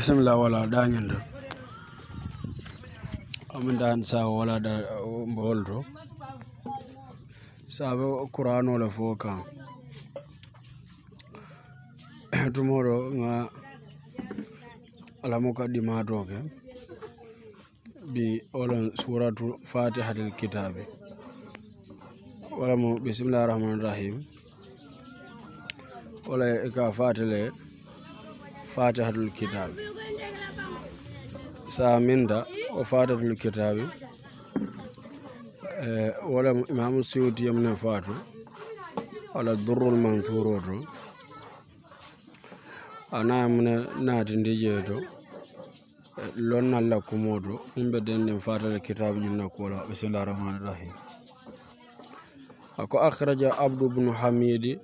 simla wala da nyanda amin da sa wala da mbolto um, sa be qur'ano la foka tumoro nga alamo kadi ma doke bi olan suratul fatihatul kitabi wala mo bismillahir rahmanir rahim wala e ka fatile fatihatul kitabi da o fatihatul kitabi eh, wala imam suyuti ne fatu wala durrul mansuro to ana mune natindi jee to eh, lonnalla kumo to den denden fatihatul kitabi ñinna kuola bismillahir rahmanir rahim ako akhraja abdu ibn hamidi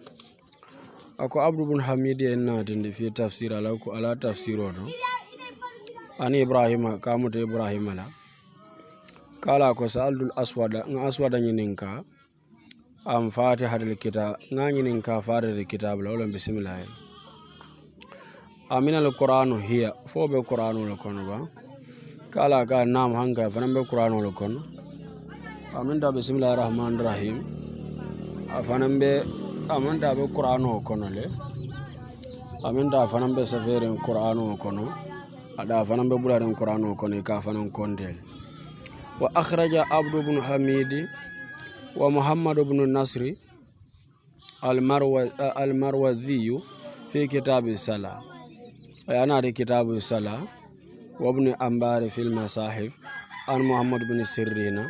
ako abdoubun hamidi en naatinde fi tafsir ala ko ala tafsir o to an ibrahima kamuto ibrahima la kala ko sa aldul aswada ga aswada ñinin ka am fatihatel kitab ga ñinin ka fatihatel kitabe la wola bisimilahi aminal qouranu hiya fo ɓe qouranola kono ba kala ka nam hanka fanan ɓe qouranola kono aminta bisimilahi rahmanirahim afanan ɓe be... amin da be qur'ano kono le amin da fanan be saferin qur'ano kono ada fanan be bularin qur'ano kono ka fanan kondel wa akhraja abdu ibn hamidi wa muhammad ibn nasri eh, almarwaziyu fi kitabi sala yana da kitabu sala wa ibn ambari fil masahif an muhammad ibn sirrina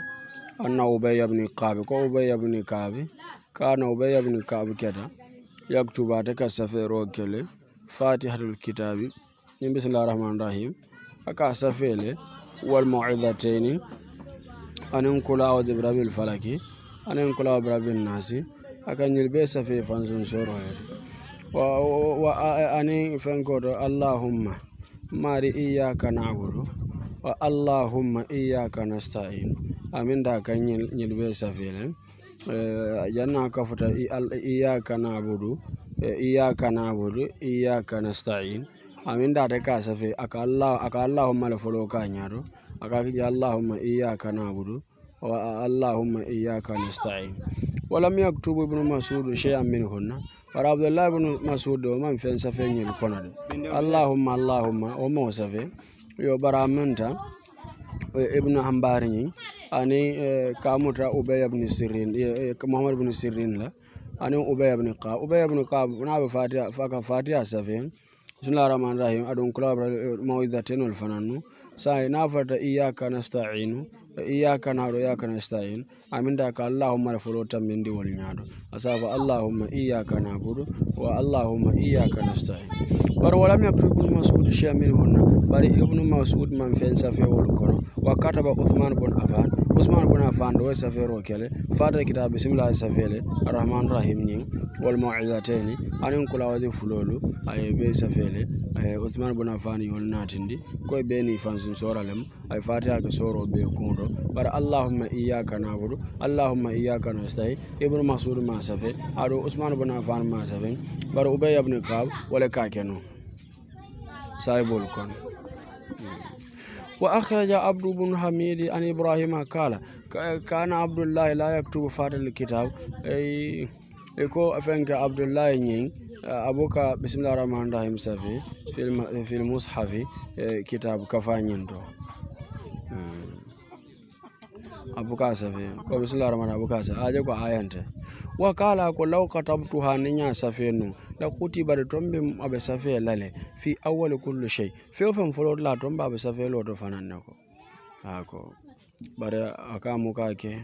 anna ubayya ibn qabi ko ubayya ibn qabi Kaan uubamee yaa'uun ka'abu keessa yoo tuubaatanii kaasaa saffira waaqala fatih hada kitaabee himis ra'amaa aka saffira wal muu'uudza ta'een ani kulaba abirabii alfalekaa ani kulaba abirabii anasiin aka nyalabee saffira fayyadamuun sooratanii waan ani fayyadamuun alaahuma maarii iyyaa kana agarruu alaahuma iyyaa kana saaxilamuun aminaa kan nyalabee saffira. janna eh, kafuta iyaka nabudu iyaka nabudu iyaka nasta'in amin da ta kasa fe aka allahumma la folo kanyaro aka ki allahumma iyaka nabudu wa allahumma iyaka nasta'in walam ولم يكتب ابن مسعود شيئا منهن ورعبد الله بن مسعود ومن فين سفين allahumma اللهم اللهم safe yo منتا Eh, ibn hanbarin yin ani eh, kamuta ubay ibn sirrin eh, muhammad ibn sirrin la ani ubay ibn qa ubay ibn qa na ba fatiha faka fatiha safin bismillahir rahmanir rahim adon kula mawidatan wal fananu sai na fata iyyaka nasta'inu iyyaka na'budu wa iyyaka nasta'in aminda ka allahumma fulota mindi wolñaɗo asaba allahumma iyyaka na'budu wa allahumma iyyaka stayin bar walam yaktu ibnu masud shay'a minhunna bari ibnu masud man fen safewol kono wa kataba uthman bon afan usman buna fando way safero kele fata kita bisimilahi safele arrahman rahim ñing wal mauizateni anin kulawadi fulolu aye be safele aye usman bona fando yol natindi koye beni fansin soralem ay fatiha ke soro be kundo bara allahumma iyaka nabudu allahumma iyaka nastai ibnu masud ma safe aɗo usman bona fando ma safe bara ubay abne kab wala kakeno sahibol kon mm. وأخرج عبد بن حميد عن إبراهيم قال كان عبد الله لا يكتب فاتح الكتاب أي يكو أفنك عبد الله ينين أبوك بسم الله الرحمن الرحيم سافي في المصحف كتاب كفانين a fe ko bislar mana abukasa aje ko ayanta wa kala ko law katabtu haninya safe nu da kuti bare tombe abe safe lale fi awwal kullu shay fe ofan folor la tomba abe safe lo to fanan ko ako bare muka ke.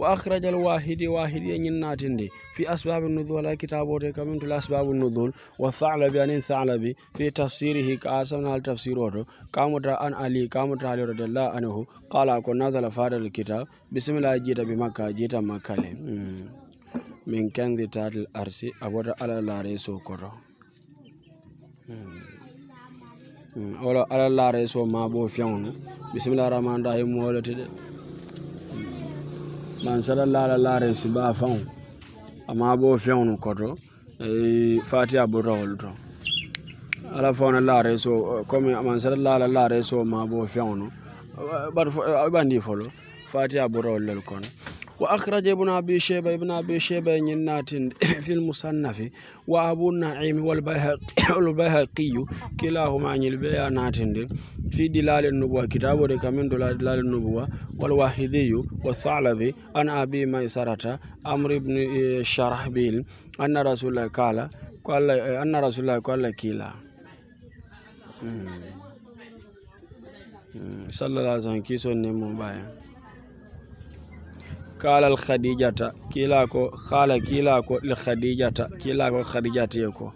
waa akhri jal waa hidhii waa hidhii nyiinatiin fi asbaab nuudhuun walayii kitaabotu kamtu laa asbaab nuudhuun wa sacaalabiyyaa na sacaalabii fi tafsiru hiikaa asenaa tafsiruutu qaamota an ali qaamota ali jiita makka daldala alayhi walaakoo qaalaakoo naazalaa fayidaa lukita bisimilayi jidabi makaa jidda makalee. nansala laala laare si baa faŋo amaa boo feŋo nu koto fatiya bota wolu to ala faŋo laare so comme mansala laala laare so maa boo feŋo nu bari bandi folo fatiya bota wolu lelu kono وأخرج ابن أبي شيبة ابن أبي شيبة ينات في المصنف وأبو النعيم والبيهقي كلاهما عن البيانات في دلال النبوة كتاب من دلال النبوة والواحدي والثعلبي عن أبي ميسرة أمر بن شرحبيل أن رسول الله قال قال أن رسول الله قال كلا صلى الله عليه وسلم كيسون نمو بايا kala al khadijata kila ko khala kila ko al khadijata kila ko khadijata ye ko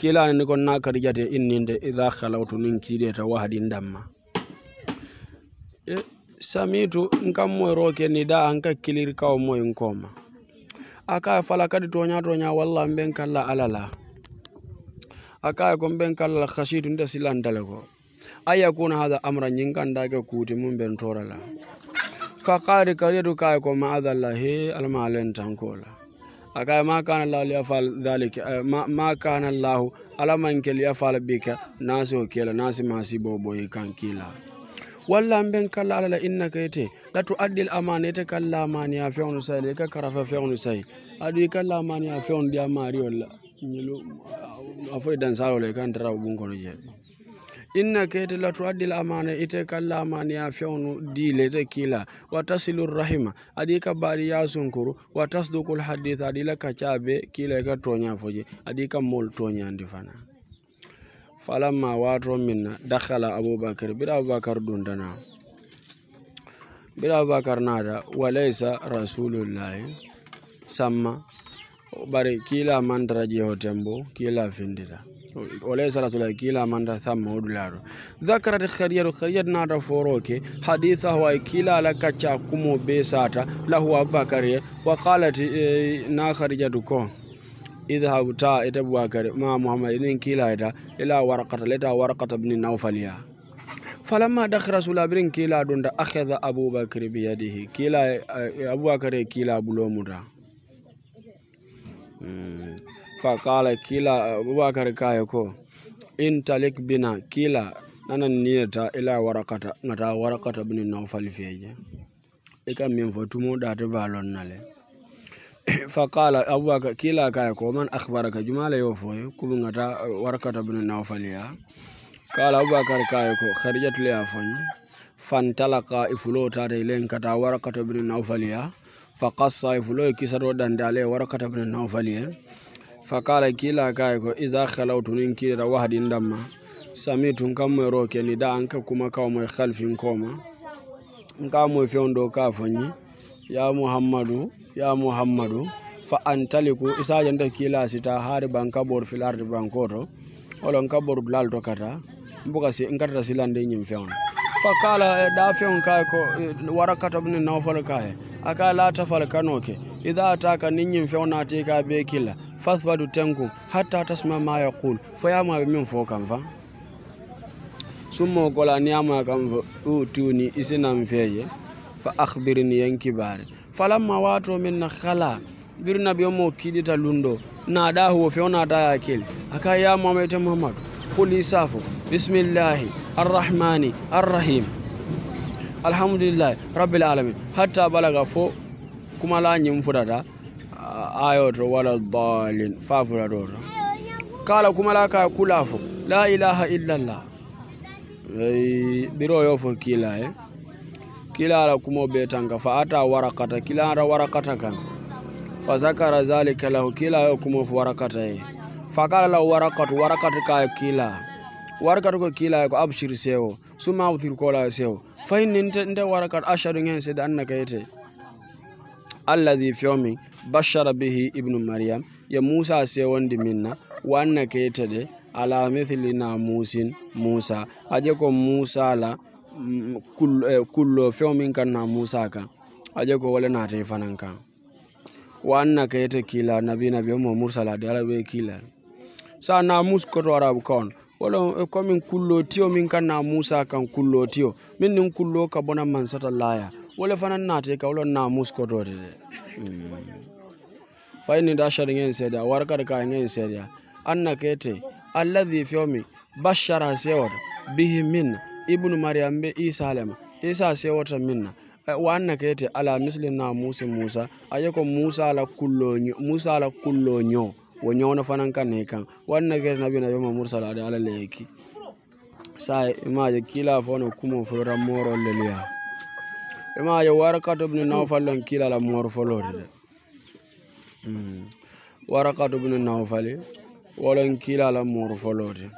kila ko na khadijata inninde idha khalawtu nin kideta wahdi ndamma e samitu nkam moy roke ni da anka kilir kaw moy nkoma aka fala kadi tonya tonya walla mben kala alala aka ko mben kala khashitu nda silandale hada kuti ka kari kare du kai ko ma adallahi almalen tankola akai ma kana allah ya fal dalika eh, ma kana allah alaman kel ya fal bika naso kela e walla an ben kala ala la inna ka yete la tu addil amana yete kala amana ya fewnu sai le ka karafa fewnu sai adu kalla amana ya fewnu dia mari walla nyilo afoy e dan salo le kan tara bun je inna kete la tuaddi la amana ite kala amaniya ya fionu ite kiila wa tasilu rahima adi ka ya sunkuru wa tasdukul haditha adi la kachabe kila ika toña foje adi ka mool toñandi fana falamma waato minna dakhala abubakar bira aboubacry duntana bira aboubacry naata walaysa rasulullahi samma bari kila mandraji hotembo tembo kiila findita وليس لتلاكيلا من ثم ودلارو ذكرت خرير خرير نادا فوروكي حديثه وكيلا لك تشاكمو بيساتا له أبكر وقالت نا خريجتكم idhhab ta ita bubakar ma muhammad nin kila ita ila warqata leta warqata ibn nawfaliya falamma dakhra sulabirin kila don da akhadha abubakar bi yadihi kila e, abubakar kila bulomuta hmm. faƙala kila abubakar kaya ko in talik bina kila nanan niyata ila warakata ngata warakata bini nawfal feje ika min fo tumo ɗate balon nale faƙala abubakar kila kaya ko man akhbaraka jumala yo foye kubu ngata warakata bini nawfal ya kala abubakar kaya ko kharjatu ya fonye fantalaka ifulo tata ilen kata warakata bini nawfal ya faqassa ifulo kisaro dandale warakata bini nawfal ya fakala kila kai ko iza khalawtu nin kila wahdin damma tun kan mai roke ni da an ka kuma kawo mai khalfin koma in ka mai fiyon do ka fanyi ya muhammadu ya muhammadu fa antaliku isa janda kila sita hari banka bor fil ardi bankoto olon ka bor lal to kata mbuka si in kata silande nyim fiyon fakala da fiyon kai ko warakata bin nawfal kai aka la tafal kanoke idza ataka nin nyim fiyon na te ka be kila fathbatu tenkum hata tasma ma yaqul fo yamaɓe min fo kam fa summo ni yama kam fo tuni isinan feye fa akhbirni yankibare falamma wato min na khala bir be mo kidita lundo na da huwa fe ona da yakil aka ya mamaita muhammad qul isafu bismillahi arrahmani arrahim alhamdulillah rabbil alamin hatta balaga fo kuma la nyim fudada ayoto wala dhalin fafula toto kala kumalaka kulafo la ilaha illallah biro yofo kila e kila ala kumo be fa ata warakata kila ata warakata kan fa zakara zalika lahu kila yo kumo warakata e fa kala la warakatu warakata ka kila warakatu eh, ko kila ko abshir sewo suma uthir kola sewo fa inni nte warakatu ashadu ngen seda annaka yete alladhi fiomi bashara bihi ibnu maryam ya musa se wonde minna wanna ketede ala mithli musin musa aje ko musa la mm, eh, kullo fewo min kan na musa ka aje ko wala naata e fanan kan wanna anna kila nabi nabi mo mursala de ala be kila sa na mus ko koto arabu kon wala eh, ko min kullo tiyo min kan na musa kan kullo tiyo min nin kullo ka bona man sata laya wala fanan naate ka wala na mus ko koto de mm. faini dasharin yin sediya warkar kayan yin sediya anna kete alladhi fiomi bashara sewata bihi minna ibnu maryam be isa alema isa ta minna eh, wa anna kete ala mislin na musa musa ayako musa ala kulloño musa ala kulloño wonyo na fanan ne kan wa anna nabi na yoma mursala da ala leyki ima imaje kila fono kumo fo rammorol leluya imaje warkato ibnu nawfallon kila la mor folode Hmm. warakatu bin nawfali wolon kila la muru foloti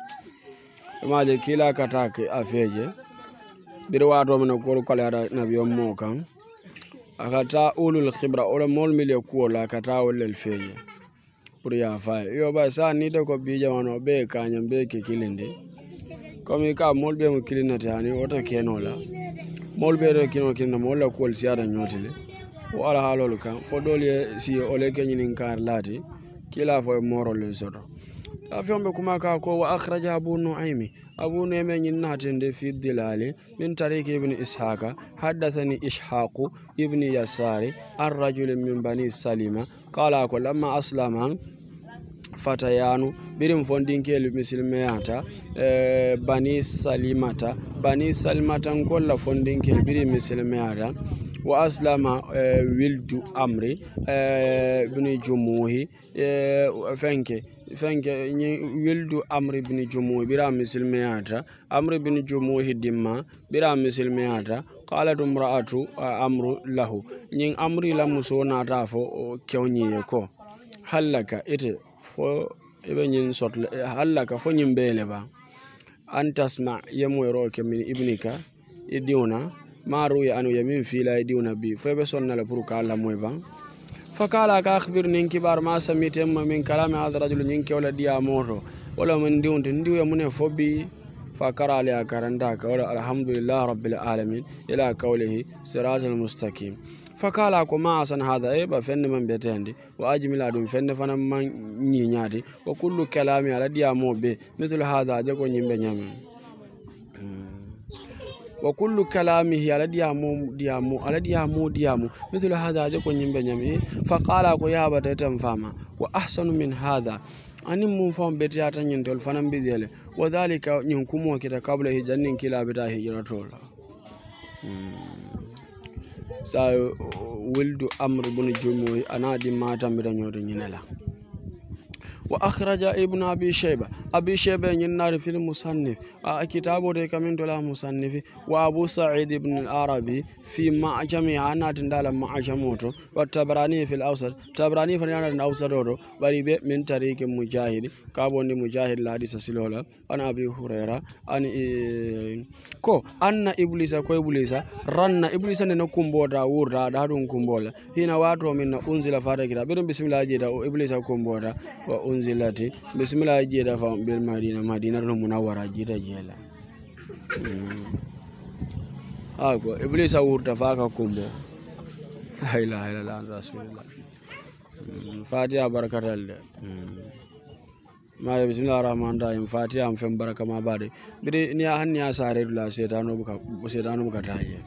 imaje kila katake afeje biri wato mina kuwolu kalayata nabiyo mo kan akata ulul khibra ola mol mile kuwola akata wollel feje pur ya fa yo ba sa ni de ko bijamano be kañam be ke kilindi komi ka mol be mo kilinati hani woto kenola mol be re kino kino mol la kuwol siara nyotile wala ala haalolu kaŋ fo doolu ye si wo le ke ñiniŋ kaari laati kila fo ye moorolu le soto feŋ be kuma ka ko wa akhraja abu nuaimi abu nuaime ñiŋ naatinde fi dilali min tariki ibni ishaqa haddathani ishaqu ibni yasari an rajuli min bani salima qala ko lamma aslama fatayanu birin fondinkelu misilmeyata e, bani salimata bani salimata nkolla fondinkel biri misilmeyata wa aslama e, e, e, wildu amri bini jumuhi fenke fenke wildu amri bini jumuhi bira misilmeyata amri bini jumuhi dimma bira misilmeyata qalat imraatu amru lahu ñin amri la muso nata fo kewñiye ko hallaka ite fo ibe ñin sotle hallaka fo ñin beele ba an tasma yemoyroke min ibnika idiwna maru ya anu ya min fila diuna bii fo e be sonna la pour ka la moy ban fakala ka akhbir nin kibar ma samite ma min kalami hadha rajul nin ke wala diya moto wala min diunti ndiu ya mune fobi fakara ali akaranda ka wala alhamdulillah rabbil alamin ila qawlihi siratal mustaqim fakala ko ma asan hada e ba fende man betende wa ajmila dum fende fana man nyinyati wa kullu kalami ala diya mobe mithlu hada je ko nyimbe nyame hmm. wa kullu kalamihi ديامو ديامو على ديامو ديامو diyamu هذا جاكو نيمبا ko فقال اكو يا qala ko واحسن من هذا fama wa ahsanu min hadha ani mun fam beti ata nyin tol fanan bidele wa dhalika nyin kumo kita kabla hijannin kila bita hijratola hmm. sa uh, wildu amr bunu jumoy anadi matam bita nyodo nyinela وأخرج ابن أبي شيبة أبي شيبة ينار في المصنف آه، كتابه دي كمين دولا مصنف وأبو سعيد بن العربي في معجم عنا تندال معجموتو والتبراني في الأوسط تبراني في الأوسط بريبي من طريق مجاهد كابون مجاهد الحديث سلولا أنا أبي هريرة أنا ko anna iblisa ko iblisa ranna iblisa ne no kumbota wurta da dum kumbola hina wato min na unzila fara kita bidon bismillah jida o iblisa kumbota wa unzilati bisimila jeta fan bil madina madinatul munawwara jeta jela hmm. ako iblisa wurta fa ka kumbo la ilaha illallah rasulillah hmm, fatiha barakatal de hmm. maye bisimilah rahman rahim fatiha am fem baraka ma bade bide ni hanni ya sare dula setano buka setano buka taje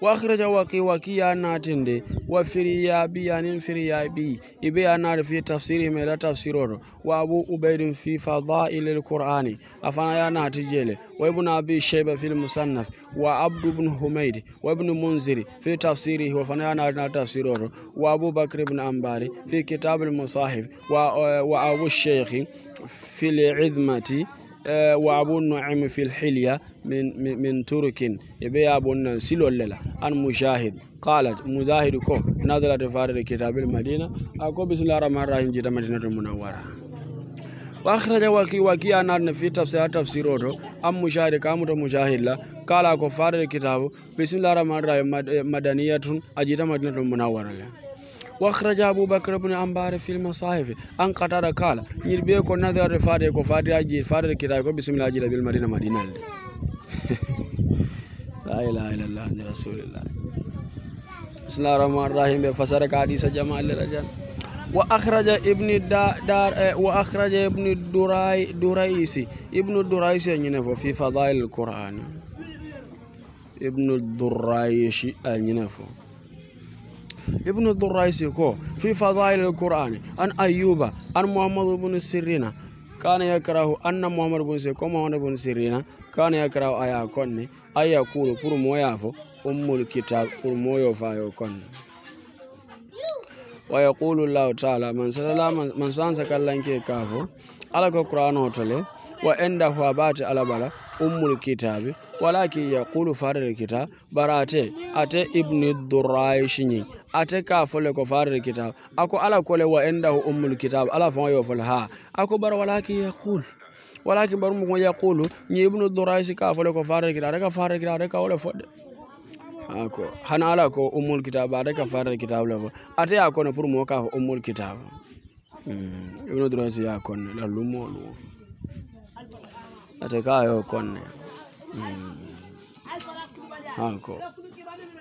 wakhiraja waki wakiya natinde wafiriya bi yanin firiya bi ibe anar fi tafsiri me da tafsiroro wa abu ubaidin fi fadail alqurani afana ya natijele wa ibn abi shayba fil musannaf wa abd ibn humaid wa ibn munzir fi tafsiri wa afana ya na tafsiroro wa abu bakr ibn ambari fi kitab al musahif wa eh, wa abu shaykh fil izmati eh, wa abu nu'aim fil hilya من من, من ترك يبي أبونا سيلو للا أن مشاهد قالت مزاهد كو نظرة فارد كتاب المدينة أكو بسم الله الرحمن الرحيم جدا مدينة المنورة واخرج وكي وكي انا في تفسير تفسيره ام مشاهد كامو تو مشاهد لا قال اكو فار الكتاب بسم الله الرحمن الرحيم مدنيه أجدا مدينه منوره وخرج ابو بكر بن أمبار في المصاحف ان قتل قال يربيكو نذر فار كو فار اجي فار الكتاب بسم الله اجي مدينة, مدينه لا إله إلا الله محمد رسول الله بسم الله الرحمن الرحيم بفسر حديث جمال الرجال وأخرج ابن دار إيه، وأخرج ابن الدراي درايسي ابن الدرايسي ينفو يعني في فضائل القرآن ابن الدرايشي ينفو يعني ابن الدرايسي كو في فضائل القرآن أن أيوب أن محمد بن سيرين kana yakrahu anna muhammad bun sir ko muhammad bun sirina kana yakrahu aya konne aya kunu mo ya fo ummul kitab pour fa fayo konne wa yaqulu llahu taala man salala man sansa kallanke kafo ala ko Quran tole wa endahu abate ala bala ummul kitabe walakin yaqulu farel kitab barate ate ibni duraishiñin ate ka fole ko farir kitab ako ala kole wa endahu ummul kitab ala fa yo fol ha ako bar walaki yaqul walakin bar mu yaqulu ni ibnu duraisi ka fole ko farir kitab ka farir kitab ka wala fodde ako hana ala ko ummul kitab ba ka farar kitab la ate ya kono pour mo ka fo ummul kitab mm ibn durasi ya kono la lumo lu ate ka yo kono mm ako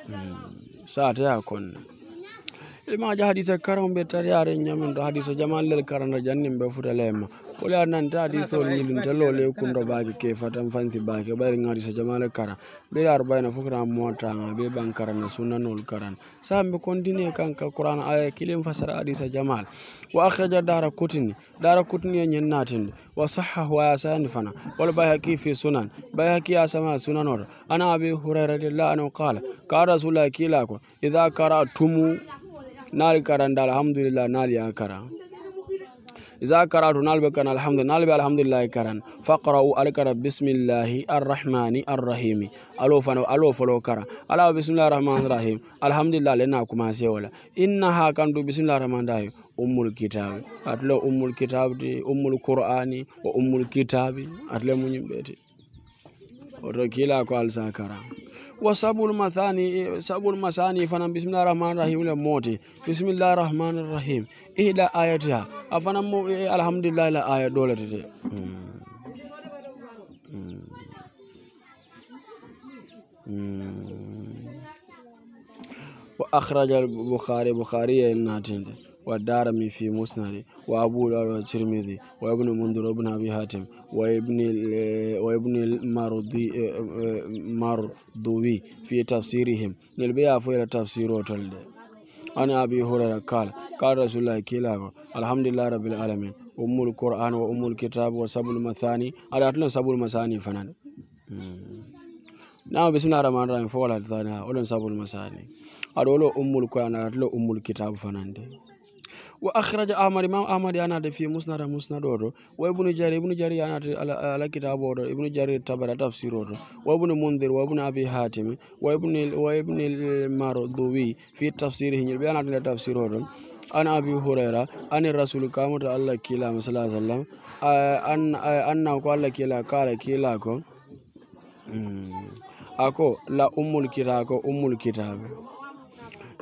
mm sa ate ya kono maaja hadisa karam be tari are nyamin to hadisa jaman lel karanda jannin be futa lema kole ananta hadisol ñilin te lole kundo baake ke fatan fanti baake bayri hadisa jaman le karan bere arbayna fukra motanga be ban karana sunnanol karan sambe continue kanka qur'an aya kilim fasara hadisa jamal wa akhraja dara kutini dara kutini nyen natinde wa sahahu aya sani fana wal bayhaqi fi sunan bayhaqi asama sunanor ana abi hurairah radhiyallahu anhu qala qala rasulullah kila ko idha qara'tumu naali kara nda alhamdulillah naali ya kara إذا قرأت نالب كان الحمد نالب الحمد لله كران فقرأوا الكرا بسم الله الرحمن الرحيم ألو فنو ألو فلو كرا ألا بسم الله الرحمن الرحيم الحمد لله لنا كما سيولا إنها كانت بسم الله الرحمن الرحيم أم الكتاب أتلو أم الكتاب دي أم القرآن وأم الكتاب أتلو من بيتي oto kila ko alsakara wa sabul mathani sabul masani fana bismillah rahman rahim le moti bismillah rahman rahim ihda ayatiha afana mo eh, alhamdulillah la aya dole tete hmm. Hmm. Hmm. wa akhraja al-bukhari bukhari ya والدارمي في مسند وأبو داود والترمذي وابن منذر وابن أبي حاتم وابن وابن المردي مردوي في تفسيرهم نلبيها في تفسير وتلد عن أبي هريرة قال قال رسول الله كلا الحمد لله رب العالمين أم القرآن وأم الكتاب وسب المثاني على أتلون سب المثاني فنان naam bisimila rahmani rahim fo wala tani ha olon sabul masani aɗo wolo ummul qur'an aɗa tilo ummul kitabu fanande وأخرج امر إمام أحمد ينادي في مسند مسند أورو وابن جرير ابن جرير ينادي على كتاب أورو ابن جرير تبر تفسير أورو وابن منذر وابن أبي حاتم وابن وابن الماردوي في تفسيره ينادي تفسير أورو أنا أبي هريرة عن الرسول كامل الله كلا صلى الله عليه وسلم آه، أن آه، أنه قال كلا قال كلا أمم، أكو لا أم الكتاب أم الكتاب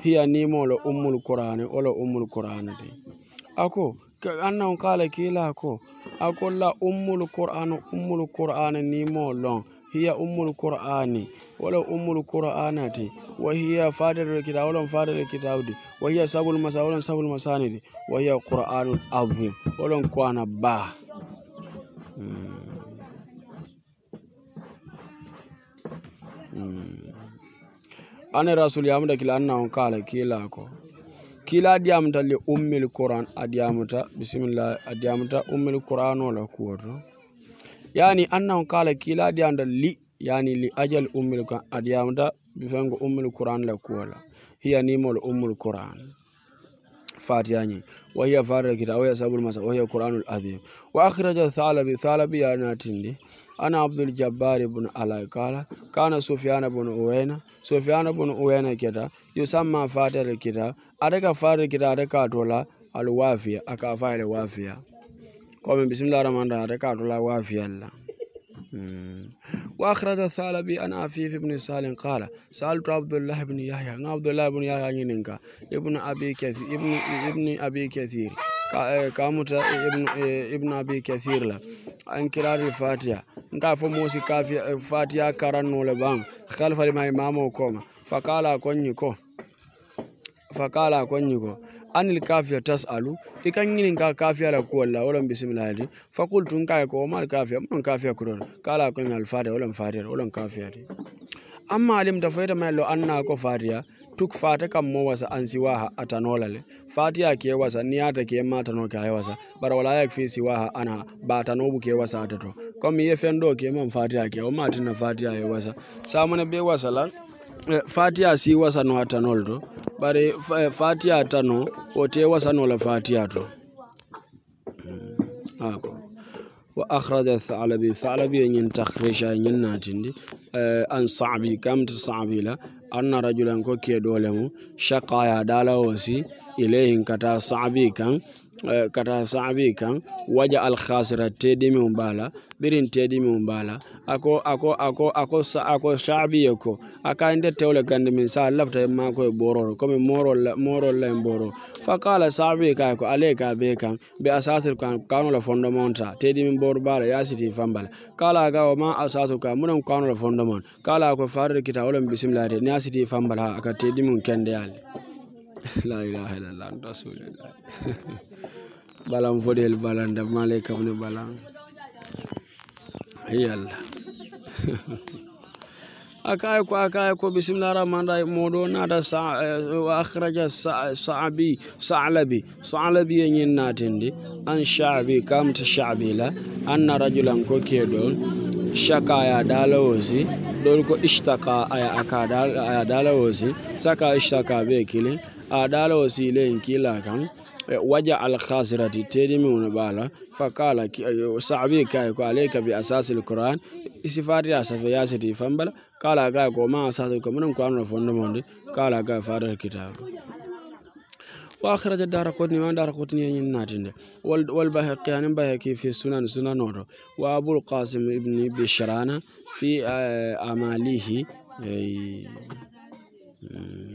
hiya nimo la ummul qur'ani wala ummul qur'ani ako kila ko ako la ummul qur'ani ummul qur'ani nimo long hiya ummul qur'ani wala ummul qur'anati wa hiya fadar kitab wala di wa hiya sabul masa wala sabul masani di wa ba hmm. Hmm. ane rasul yamuta kila annaon kala kila ko kila adiyamuta le ummil quran adiyamuta bisimillah adiyamuta ummil qur'anola kuwoto yani annaon kala kila adiyamuta li yani li ajal ummil quran adiyamuta bifengo ummil quran la kuwola hiya nimol ummul quran فاتياني وهي فارقة وهي سبب المسا وهي القرآن العظيم وأخرج الثعلبي ثعلبي يعني أنا عبد الجبار بن علي قال كان سفيان بن أوينة سفيان بن أوينة كده يسمى فاتر كده أدك فاتر كده أدك أدولا الوافية أكافا الوافية قوم بسم الله الرحمن الرحيم أدك أدولا وافية الله وأخرج الثعلبي أن عفيف بن سالم قال سألت عبد الله بن يحيى عبد الله بن يحيى ابن أبي كثير ابن ابن أبي كثير kamuta eh, eh, ibn abi kathir la an kirarul fatiha nka fo mosi kafiya eh, fatiha karanno le ban khalfa lima imamo koma fakala konni ko fakala konni ko anil kafiya tasalu ikan yinin ka kafiya la ko wala wala bismillah di fakultu nka ko mal kafiya mun kafiya kuron kala konni al fatiha wala fatiha wala kafiya di ammalim ta foyta may lo anna ko fatiya tuk fata kam mo wasa an siwaha atanolale fatiya ke wasa niyata ke ma tano ke bara wala yak fi ha ana ba tano bu ke wasa atato comme ye fendo ke man fatiya ke o matina fatiya ye wasa samana be wasa lan eh, fatiya si wasa no atanol to bare fatiya no o te wasa no la fatiya to hmm, ako wa akhraja thalabi thalabi yin takhrisha yin natindi an sa'bi kam ta sa'bi la anna rajulan ko ke dole mu shaqa ya dala wasi ilayhin kata sa'bi kan Eh, kata saabi kan waja al khasira tedi mi umbala birin tedi mi umbala ako ako ako ako sa ako saabi yako aka inde ka nte min e le kandi miŋ sa ali lafita maakoye bororo komi moorol la moro la boro fa kala saabi ka ko ale ka be kan be asasir kan kanu la fondamenta tedi mi boru bala a la siti fambala kala ga wo ma asasu ka munan kanu la fondamenta kala ko farri kita wo loŋ bisimila te niŋ a siti fambala ha a ka tedimiŋo kendeyali la ilaha illallah rasulullah balam fodel balan da malai ne balan yalla aka ko aka ko bismillah rahman rahim modo na moɗo naata eh, akhraja saabi salabi salabi yen ñin natinde an shaabi kam ta shaabi la anna rajulan ko shaka ya dalawosi dol ko ishtaka aya aka aya dalawosi saka ishtaka be kilin adala wasilen kila kan e, waja alkhasirati tedi miwne bala fakala e, sabi kay ko alayka bi asasi alquran sifati asafe yasiti fambala kala kay ko ma asasi ko mun ko anno fondo monde kala kay fadal kitabu. wa da dara qutni ma dara qutni yin natinde wal wal bahaqi an bahaqi fi sunan sunan oro wa abu qasim ibn bishrana fi eh, amalihi eh, mm.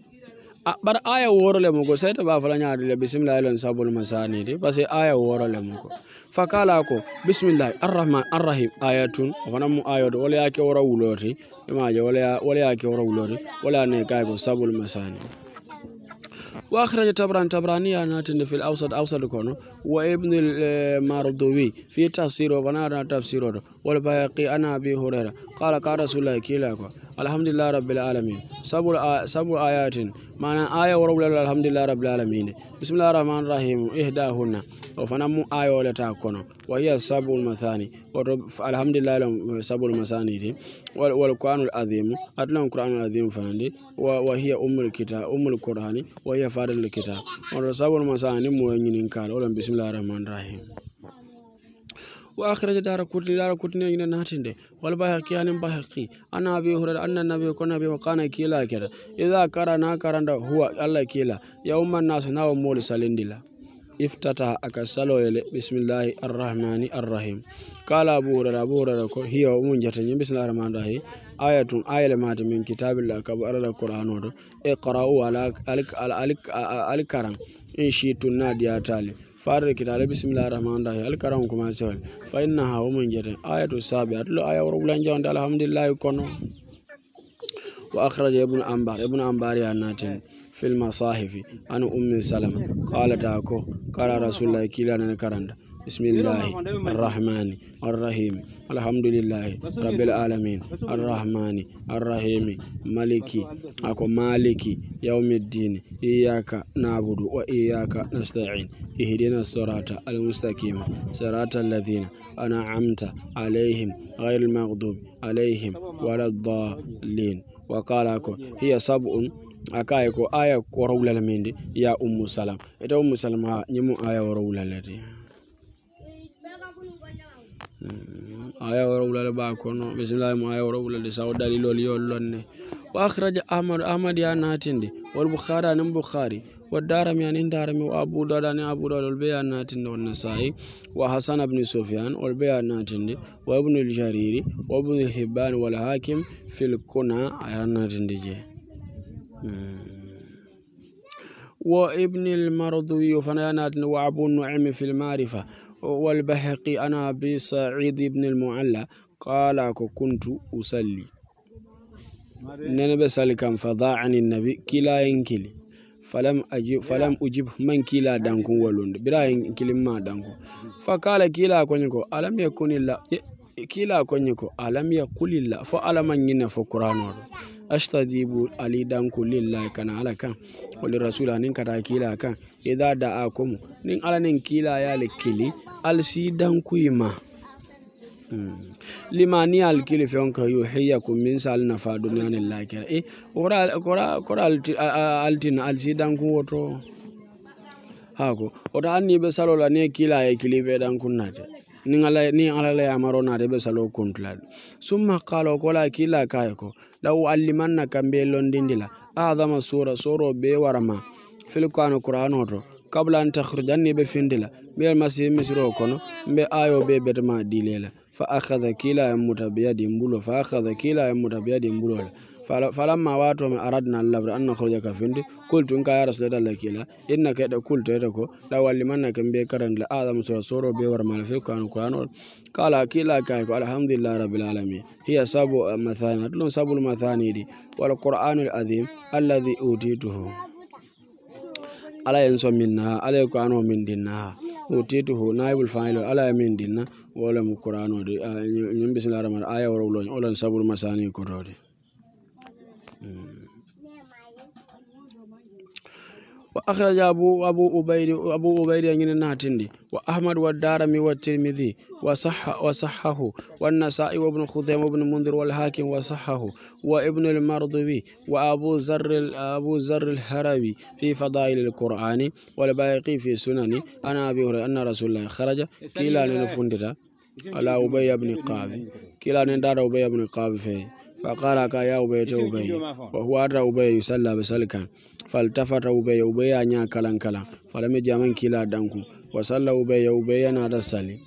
a bar aya woro worole mugo ta ba fara nya da bisimillahi lon sabul masani par ba sai aya worole mugo fakala ko bisimillahi arrahman arrahim ayatun wana mu ayo do wala yake woro wuloti je wala wala yake woro wuloti wala ne kai ko sabul masani وأخرج تبران تبراني ناتن في الأوسط أوسط كونه وابن المردوي في تفسيره ونارنا تفسيره والباقي أنا أبي هريرة قال قال رسول الله كيلاك الحمد لله رب العالمين سبع سبع آيات معنى آية ورب الحمد لله رب العالمين بسم الله الرحمن الرحيم إهداهن وفنم آية ولا وهي سبع المثاني الحمد لله سبع المثاني wal qur'anul azim atlan qur'anul azim fanandi wa wa hiya ummul kita ummul qur'ani wa hiya fadlul kita wal sabul masani mu yinin kal wal bismillahir rahmanir rahim wa akhiraj dar kutni dar kutni ina natinde wal bahaqi anin bahaqi ana bi hurar anna nabi ko nabi wa kana kila kira idza qara na karanda huwa allah kila yawman nas nawo mul salindila iftata a kasalo le bismillahi arrahmani arrahim kala bura da bura da hiya wa mun jatan yin bismillahi arrahmani arrahim ayatun ayal mata min kitabin la ka bar da qur'ano da iqra'u alkaram in shi tun na diya tali fara da kitabin bismillahi arrahmani arrahim alkaram kuma sai fa inna ha wa mun jatan ayatu sabi atlu ayaw rabbul anjawan alhamdulillahi kono wa akhraja ibnu ambar ibnu ambar ya natin في المصاحف أنا أم سلمة قالت أكو قال رسول الله كلا نكرند بسم الله الرحمن الرحيم الحمد لله رب العالمين الرحمن الرحيم مالكي أكو مالكي يوم الدين إياك نعبد وإياك نستعين اهدنا الصراط المستقيم صراط الذين أنعمت عليهم غير المغضوب عليهم ولا الضالين وقال أكو هي سبع aka ko aya wɔrɔ wulala meŋ de ya ummu salam ita ummu salama nyɛ mu aya wɔrɔ wulala de hmm, aya wɔrɔ wulala ba kono bisimilahi mu aya wɔrɔ wulala de sawo dalilol yol lon ne wa akhraja ahmad ahmad ya natin wal bukhari anin bukhari والدارمي عن دارمي وابو داود عن ابو داود البيع ناتند والنسائي وحسن بن سفيان والبيع ناتند وابن الجريري وابن الحبان والحاكم في الكنى عن ناتند جي وابن المرضي فنانات وأبو النعيم في المعرفة والبهقي أنا أبي سعيد بن المعلى قال كنت أصلي ننبي سالكا فضاعني النبي كلا ينكلي falam ajib falam ujib man kila dankun walunde birayin kilimma danko fakala kila konye ko alam yakunilla kila konye ko alam yakulilla fo alaman yinna fo astajibu alidan kulil la kana alakan wal rasula nin kada kila kan idza da akum nin alanin kila ya likili alsidan kuima limani alkili fɛn onka yo hiya ko min sal na fa duniya la kɛra e kora kora kora alti alti na alti dan kun woto hako o da an ni be salola la ne kila ya kili be dan kun ni ala ni ala la yamaro na de be salo kuntla summa qala kola kila kay ko law allimanna kambe londindila adama sura soro be warama fil qur'an qur'an oto kabla an takhrujanni be findila be masih misro kono be ayo be betma dilela fa akhadha kila yamuta biyadi mbulo fa akhadha kila yamuta biyadi mbulo faalamamaa waatuma arraaninaan labre anna xolijja kafuntu kultu ngaayara sodee dhala lakkiila ennaka eeda kulto etako lawa alimani naka mbee karaanidha ala musaasoroo bee warra mala fe'u kaanu quraanota kaala hakiila hakii haiku alhamdii ilaahira bilalamiin hii'aa saabu uh, mataanii adolobhi saabu mataanii di wal quraanota adii ala dhii uu tiituhu ala yiinso minnaa ala min dinnaa uu tiituu naayibul faani laa ala yaa min dinna wal mulkaanoo ndi uh, aaiya wal waliin oln saabu mataanii quraanota. وأخرج أبو أبو أبيد أبو أبيد عن الناتندي وأحمد والدارمي والترمذي وصح وصحه والنسائي وابن خثيمة وابن منذر والحاكم وصحه وابن المرضوي وأبو زر أبو زر الهروي في فضائل القرآن والباقي في سنن أنا أبي هريرة أن رسول الله خرج كلا لنفندتا على أبي بن قابي كلا لندار أبي بن قابي فيه فقال يا أبي أبي وهو أرى أبي يسلى بسلكا فالتفت أبي أبي أن كلام كلا فلم يجامن كلا دنكو وصلى أبي أبي أنا رسالي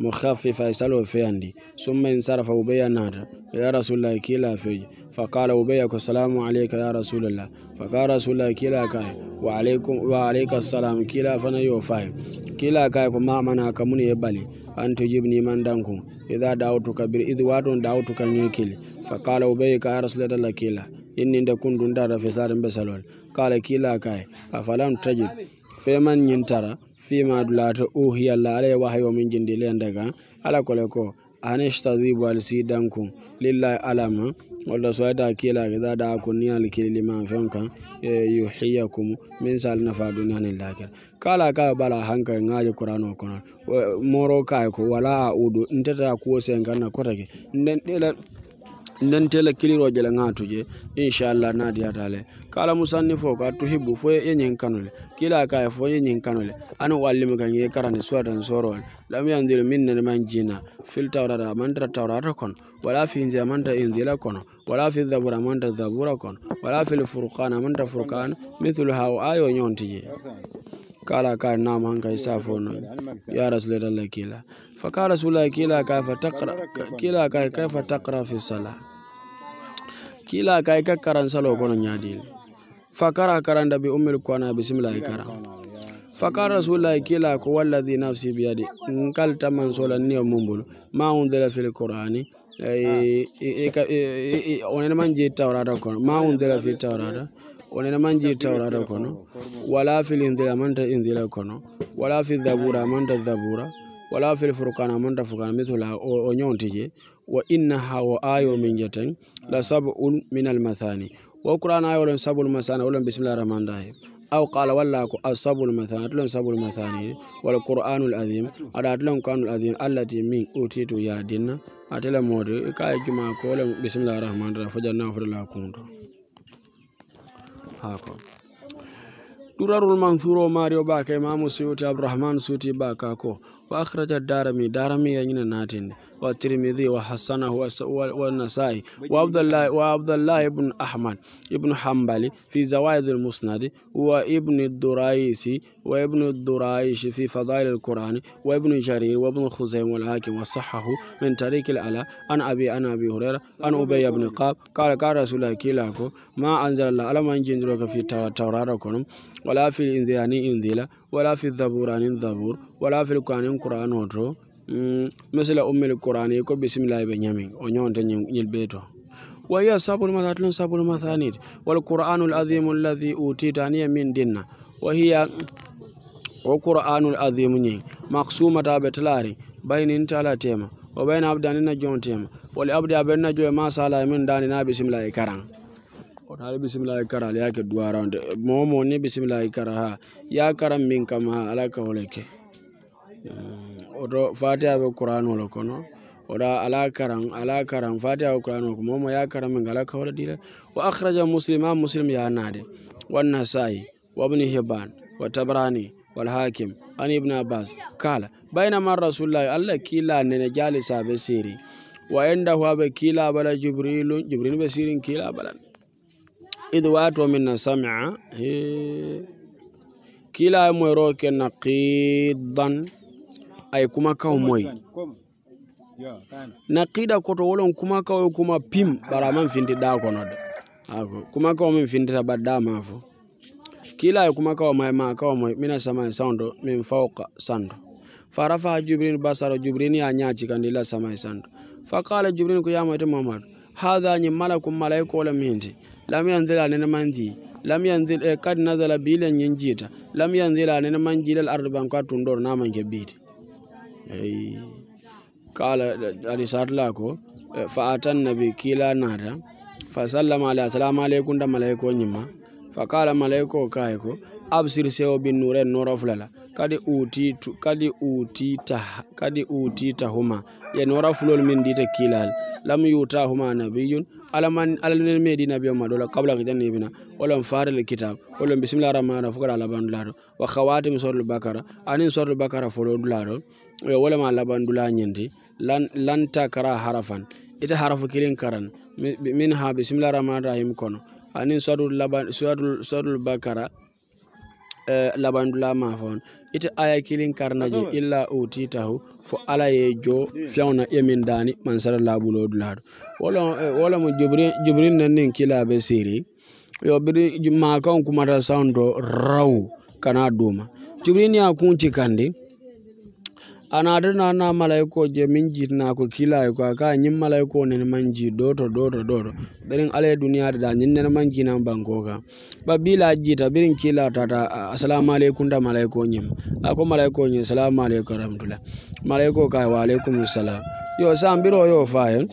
مخففة يسأله فيندي ثم انصرف أبي نادى يا رسول الله كلا فيج فقال أبي السلام عليك يا رسول الله فقال رسول الله كلا كاي وعليكم وعليك السلام كلا فنا يوفاي كلا كاي كما منا كمني يبالي أن تجيبني من دانكم إذا دعوتك بر إذ واتون دعوتك نيكلي فقال أبي يا رسول الله كلا إني دكون دون دار في سارم بسلول قال كلا كاي أفلام تجد فيمن ينترى fima dulata uhiya la ala wahayo min jindile ndaga ala kole ko anestadhibu kun lillahi alama walla soyata kiilaki dada kunniyali kililima fanka e, yuhiyakum min sal fa duniyani lakir kala ka bala hanka ngaji qur'ano ko moro kai ko wala udu ntata kuwo senkanna kotake nden dela ndentele kiliro jele ŋa tuje inshallah nadi atale kala musanni fo ka hibu fo ye ñiŋ kanu kila ka ye fo ye ñiŋ kanu le ani wallimi kaŋ ye karani suwatan soro lam yandiru min man jina fil tawrata amantara tawrata kono wala fi inzila amanta inzila kono wala fi zabura amanta zabura kono wala fil man amanta furqan mithlu o ayo ñontije kala ka nam hanka isafono ya rasulallah kila fa ka rasulullah kila ka fa taqra kila ka ka fa taqra fi sala kila ka ka karan salo kono nyadil fa kara karan da bi ummil kwana bismillah kara fa ka kila ko walladhi nafsi bi yadi nkal taman sola niyo mumbul ma undela fil qur'ani ah. eh, eh, eh, onene man je ma wonene manji tawrata kono wala fil indila manta indila kono wala fi dhabura manta dhabura wala fil furqana manta furqana mithla o wa ayo min la sab'un min qur'an ayo sabul rahim aw qala walla asabul mathani sabul mathani wala qur'anul azim aɗa atulon qur'anul azim allati min utitu yadinna atela mode kaye juma ko wolen bisimillahi rahmani rahim hako durarul mansuro mario ba kai mamu suyuti abrahman suti ba kako wa akhraja darami darami ya nyina natin والترمذي وحسنه والنسائي وعبد الله وعبد الله بن أحمد ابن حنبل في زوائد المسند وابن الدرايسي وابن الدرايش في فضائل القرآن وابن جرير وابن خزيم والحاكم وصححه من طريق الألا عن أبي أنا أبي هريرة عن أبي بن قاب قال قال رسول الله كيلاكو ما أنزل الله على من جندرك في توراتكم ولا في الإنذيان إنذيلا ولا في الذبوران الذبور ولا في القرآن قرآن ودرو Maisl'a mm, ummi l'Kur'anii ko bisimilayi ibe nyaami,oo nyaa waan ta'e nyaabeetu. Waa ayya sabul-mataa, ati sabul-mataa niiti: wal-Kur'aanulu adeemu nadi, ootii ta'anii ayya min diin na? Waa ayya o Kur'aanulu adeemu nyaa, maa suuma ta'an bɛ Talaari: bayaani ni taalaa ta'e ma, oba enni abdi aanu na jooho ta'e ma, wali abdi aabdi na jooho maa saa laa min daani na bisimilayi karaan. oto fatiha be qur'ano lo kono oda ala karam ala karam fatiha be qur'ano ko momo ya karam min gala kawla dile wa akhraja muslima muslim ya nade wa nasai wa ibn hibban wa tabrani wal hakim an ibn abbas kala baina ma rasulullah Allah kila ne ne jali sabe siri wa inda huwa be kila bala jibril jibril be sirin kila bala idu wato min sami'a he kila mu roke naqidan a ye kumakaw moyi naqiida koto wolon kumakaw ye kuma pim bari a maŋ finti daa kono de kumakaw miŋ fintita bari daa maŋ fo kiila ye kumakaw maye maakaw moyi mina samaye sando min fawka sando fara faha jubrini basara jubrini ye a ñaa cikandi la sando fa kaala jubrini ko yamoyte mamadu hadha ñiŋ malakum malayikoo le miŋ lam yanzil a manji lam yanzil e kad nazala biilen ñiŋ lam yanzil a manji lal ardi banko a tundoro naamaŋ ke biiti قال رسالة لاكو فأتى النبي كلا نارا فسلم على السلام عليكم دا ملايكو نيما فقال ملايكو كايكو أبصر سيو بالنور النور فلالا kadi utitu kadi utita kadi utita huma ya nora fulol min dita kilal lam yuta huma nabiyun alaman alal medi nabiyo madola kabla kitan ibina olam faral kitab olam bismillahir rahmanir rahim fukara labandularo wa khawatim suratul bakara anin suratul bakara folodularo walama labandula ñanti lan lan takara harafan ita harafu kirin karan min ha bisimillahi rahmani rahim kono anin suratul laban suratul suratul bakara eh, labandula ma ita aya kilin karnaje illa utitahu fo ala ye jo fewna yemin dani man sara labulo dulado wala eh, wala mo jibrin jibrin nan nin kila be siri yo biri ma kan kumata sound raw kana duma jibrin ya kunci kandi Ana na malaiko je min jitinako kilayo ko ka ñin malaiko ne man ji doto doto doto ɓerin alay duniya da ñin nen man jinan banko ka ba bila jita ɓirin kila tata assalamu aleykum da malaiko ñim ako malaiko ñin salamu aleykum rahmatullah malaiko ka wa aleykum salam yo san biro yo fayen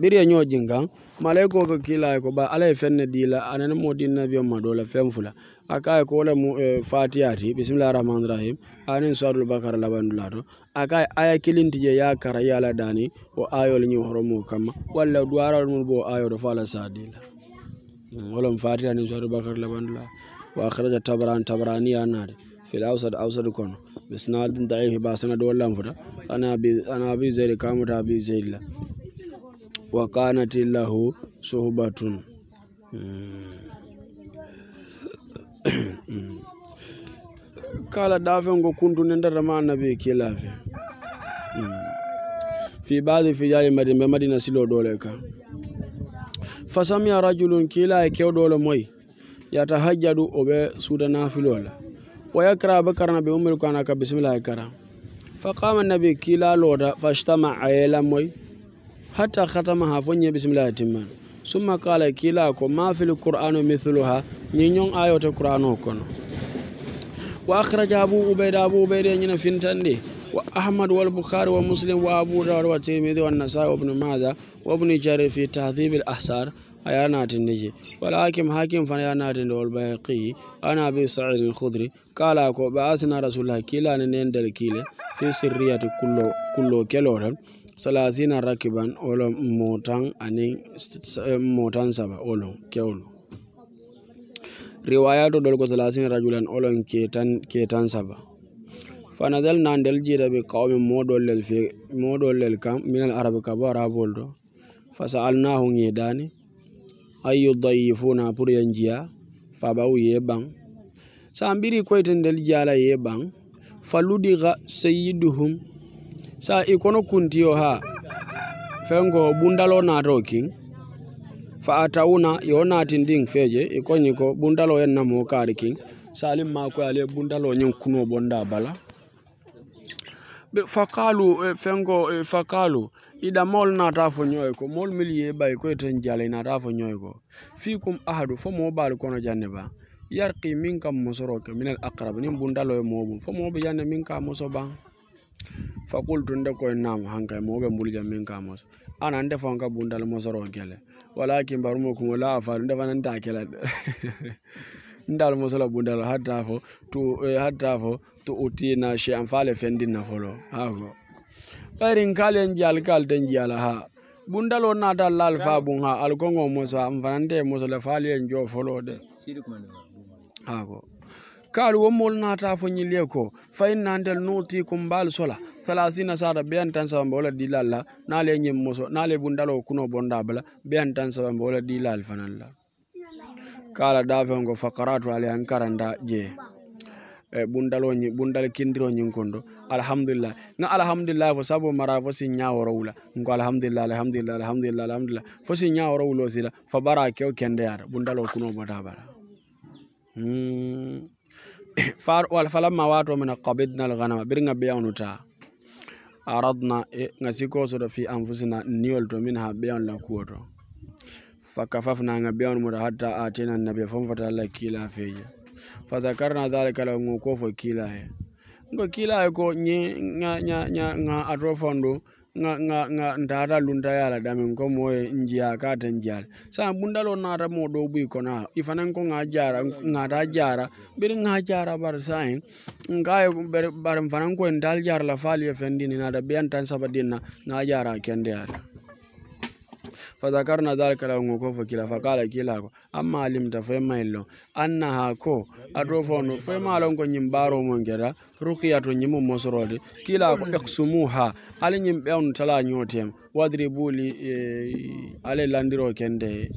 biri ye ñoo jin kan malaiko ko kila ko ba alay fenne dila anen modin nabiyo ma dola fula akaye kole mu eh, fatiyati bisimillahi rahmani rahim anin suwadul bakara lado akaye aya kilinti je ya kara yala dani o ayol horo horomo kam walla duara mum bo ayoto fo ala sadila wolom fatiha nin suwadul bakara la wa akhraja tabran tabrani yanade في الأوسط أوسط كون بسناد ضعيف wala دول ana bi ana bi أبي kamuta bi أبي زيد وكانت له صحبة Mm. kala dafen go kuntunen tatama annabi kilafe mm. fi baadhi fijaji madin ɓe madina silo doleka ka fa rajulun kila e kewɗole moy yata hajjadu o ɓe suuda nafilola o yakra ɓe karana ɓe ummel kana ka bisimillahi kara fa qama nabi kila loda fa stama a moy hatta hatama ha fo ñe summa kala kila ko ma fil qur'anu mithluha ni ñong ayota qur'anu kono wa akhraja abu ubayda abu ubayda ñina fintandi wa ahmad wal bukhari wa muslim wa abu dawud wa tirmidhi wa nasai wa ibn majah wa ibn jarir fi tahdhib al ahsar ayana tinji wal hakim hakim yana tindi wal bayqi ana bi sa'id al khudri kala ko ba'athna rasulullah kila ne nen kile fi sirriyati kullu kullu kelo salatina rakiban olon motan ani eh, motan saba wala kewlu riwaya to dolgo salatina rajulan olon ketan ketan saba fanadal nan del jira be qawmi fi fe lel kam minal arab ka bo boldo do fasalnahu ngedani ayu dayifuna pour yanjia fabawu ye ban sambiri koytendel del jala ye ban faludi sayyiduhum sa ikono kono kuntiyo ha fenko bundalo na kiŋ fa atauna yona yo naatindiŋ feje i koñi ko bundalo yen namo kaari kiŋ salim mako ale bundalo nyin kuno bonda bala be fakalu eh, fengo eh, fakalu ida mol na tafo nyoy ko mol mil bay ko ten jale na tafo nyoy ko fikum ahadu fo mo bal kono janne ba yarqi minkam kam musoro ke min al aqrab nin bundalo mo bu fo mo be janne minkam musoba fakul tun de koy nam hankay e mo be mbulga min kamos anan de fonka bundal mosoro gele wala kimbaru mo kumo la afal de fanan ta kele ndal mosoro bundal hatta fo tu eh, hatta fo tu utina she am fale fendi na folo ha ko erin kale njal kal den jala ha bundal o na dal lal fa bun ha al kongo mosa am fanan de mosoro fale njo folo de ha ko kaalu wo moolu naata fo ñillie ko fayin naantel nuutii kumbaalu sola salasina saata beyan tan sabambe wo la diilaalu la naale ñim muso naale bundaloo kunoo bondaa bala beyan tan sabambe wo la diilaalu fanaŋ la kaala daafeŋo ko fakaratu ali an karanta jee eh, bundalo ñi bundal kindiro ñin kondo alhamdulillah nga alhamdulillah fo sabo mara fo si ñaworo wula ngo alhamdulillah alhamdulillah alhamdulillah alhamdulillah fo si ñaworo wulo sila fo bara kew kende yaata bundalo kuno bota bara mm. falamma wato mina qabidna alghanama bir nga beyaŋolu taa aradna e, nga sikoo soto fi anfusina niol to minha beyaŋolu la kuwo to fakafafna nga beyaŋolu muta hatta atina annabiya fo fota alla kiila feje fazakarna dhalika la ŋo ko fo kiila he nko kiila ko nya nya nya ato fandu nga nga nga ndata lunta yala dame ko moye nji ka tan jara sa bundalo nata mo do bui kona ifanan ko nga jara nga ta jara bir nga jara bar sain nga e bar fanan ko e ndal jara la fali e fendi ni nata bian tan sabadina nga jara kende yala fadakarna dhalika lahum ko fo kila fakala kila ko amma alimta fo anna annaha ko ato fono fo malon ko nyim baro mon gera to nyim mosrode kila ko iqsumuha ali nyim bewn tala nyotem wadribuli li e, ale landiro kende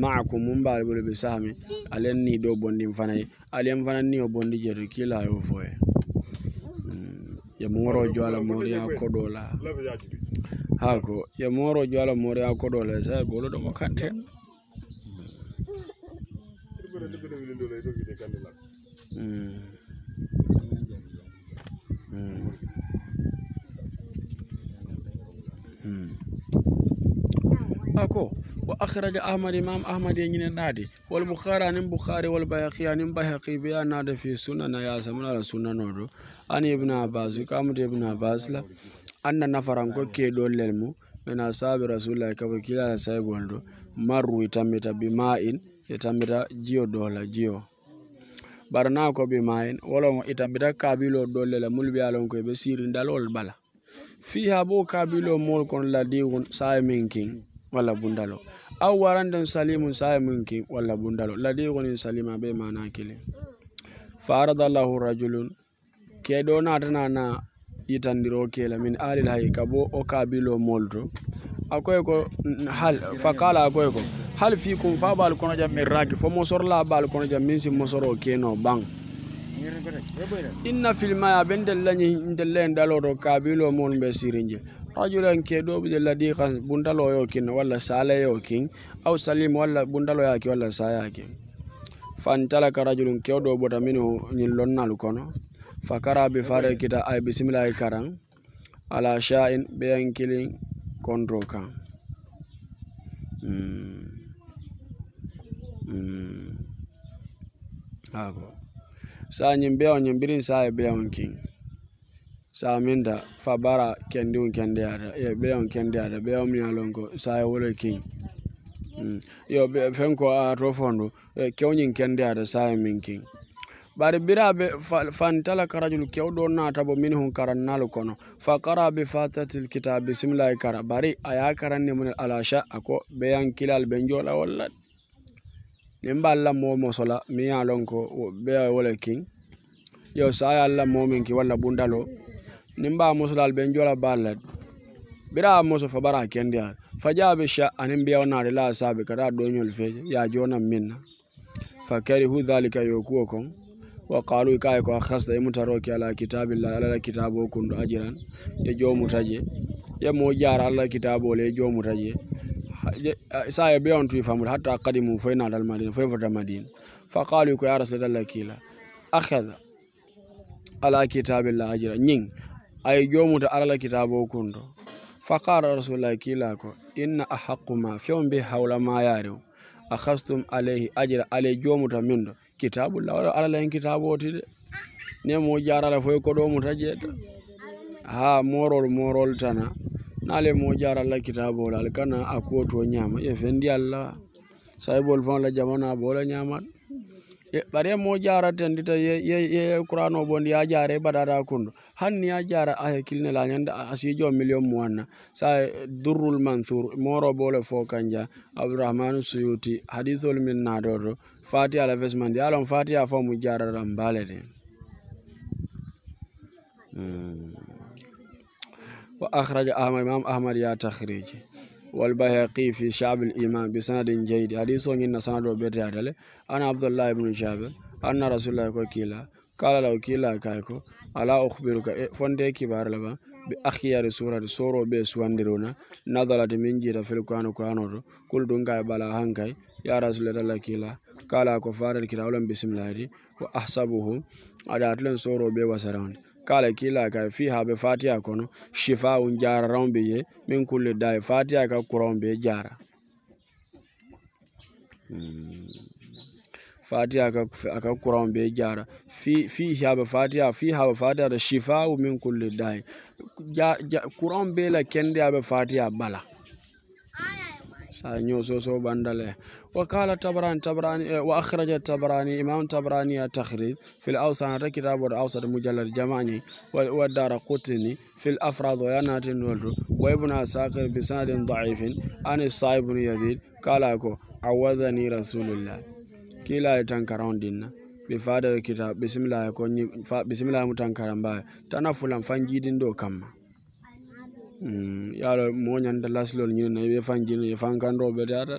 maakum mun baal bulu be sahami alen ni do bondi fana ale alen ni o bondi jeto kila yo fo ye mm, yamugoro jo moriya hako ya moro jwala moro ya kodo le sai bolo do makante mm. ako wa akhraja ahmad imam ahmad yin nadi wal bukhari anin bukhari wal bayhaqi anin bayhaqi bi anna da fi sunan ya zamana sunan nodo an ibn abbas kamu ibn abbas la anna nafaran ko ke dollel mu ena sabi rasulillahi kabo kilala saybol do marruy e tammita bi ma'in e tammita jiyo dola jiyo barna ko bi ma'in wolongo e tammita kabilo dollel e mul bi alon ko be siri dal wol bala fi ha bo kabilo mol kon la di won sai min king wala bundalo aw waranden salimun sai min king wala bundalo la di won salima be mana kile faradallahu rajulun ke do natana na yitandiro kela min alil hay ka bo o kabilo moldo to ko hal fakala akoy ko hal kum fa bal kono jam min raki fo mosorla bal kono jam min si mosoro keno bang inna filmaya lañi dellañi len daloro kabilo mon be sirinje rajulan ke ɗoɓe de ladi bundalo yo kin walla yo kin aw salim walla bundaloyaki walla sayaki fantalaka rajulum do bota min nyi lonnal kono fakara bi fare kita ay bisimilahi karam ala sha'in be yankilin kondro kan hmm. hmm. ako sa ñin bewo ñin birin sa e on king sa minda kendi bara kendi ara e kendi ara be on ko sa e wolo kin hmm. yo be fenko a to fondo eh, kendi ara sa e min kin bari biraɓe fantala ka radjul kewɗo nata bo min hun karan nal kono fa karaɓe fatatil kitab bisimillahi kara bari a ya karanne munel alacha ako ɓe yan kilal ɓe joɗa walla min ballan mo mosola mi ya lon ko ɓe wole kin yo sa ya allan momin ki walla bundal o nin ba musulal ben jola balla bira musu fa bara kende al fa jabe sha anin biya wana rela sabe kada donyol fe ya jona minna fa kari hu dhalika yokuwa kong وقالوا إكاي كو أخست يمتروك على كتاب الله على كتابه كن أجرا يجو متجي يمو جار على كتابه ليجو متجي ساي بيون توي فامل حتى قدموا فينا على المدينة فين فتا مدينة فقالوا كو يا رسول الله كيلا أخذ على كتاب الله أجرا نين أي جو مت على كتابه كن فقال رسول الله كيلا إن أحق ما فيهم به حول ما يارو akhastum alayhi ajra alay jomuta min la kitabulla waɗa alala hen kitabotiɗe nemo jarala do mu jeeta ha morol morol tana nale mo jaralla kitabu al kana akoto nyama ñama e fendi alla saybol fon la jamana bola ñamat bare mo jara tendi ta ye ye qur'ano bondi ya jare badara kundo ni ya jara a ne la nyanda asijo million muwanna sa eh, durrul mansur moro bole fo kanja abdurrahman suyuti hadithol min nadodo fati ala vesman di alon fati ya fo mu jara ram balete hmm. wa akhraja ahmad imam ahmad ya takhriji walbaye haƙi fi shabil iman bi sanadin jaidi hadisi hongini na sanad walbe da ana abdullahi ibn shabel ana rasulilah iko kila kalala o kila ala a uku birka a fonte bi akiyar surat soro bei suwande rona nazarate min jira filkano kwanon do kula dunkaye bala a ya rasu ladala kila kalala ko faɗar kila ulam bisimilayi ba aksabu hu a tilafi soro bei kala kila ka fi ha be fatiha kono shifa un jara rombe ye min kulli dai fatiya ka kurombe jara hmm. fatiya ka aka kurombe jara fi fi ha be fatiya fi ha be fatiya da shifa min kulli dai kuran bai la kende ha be fatiya bala ñoo soso bandale wa kala tabrani tabrani eh, wa akhraja tabrani imam tabrani ya takhrij fil awsan ta kitabu da awsat mujallal jamani wa dara qutni fil afrad wa natin noldu wa ibn asakir bi sanadin da'ifin an sa'ib ibn yazid kala ko awadhani rasulullah kila tankaron dinna bi fadar kitab bismillah ko bismillah mutankaran ba tana fulan fangidin do kamma yoo la laslool daldala jilinai fangiin ifaan kannaa obi taatuu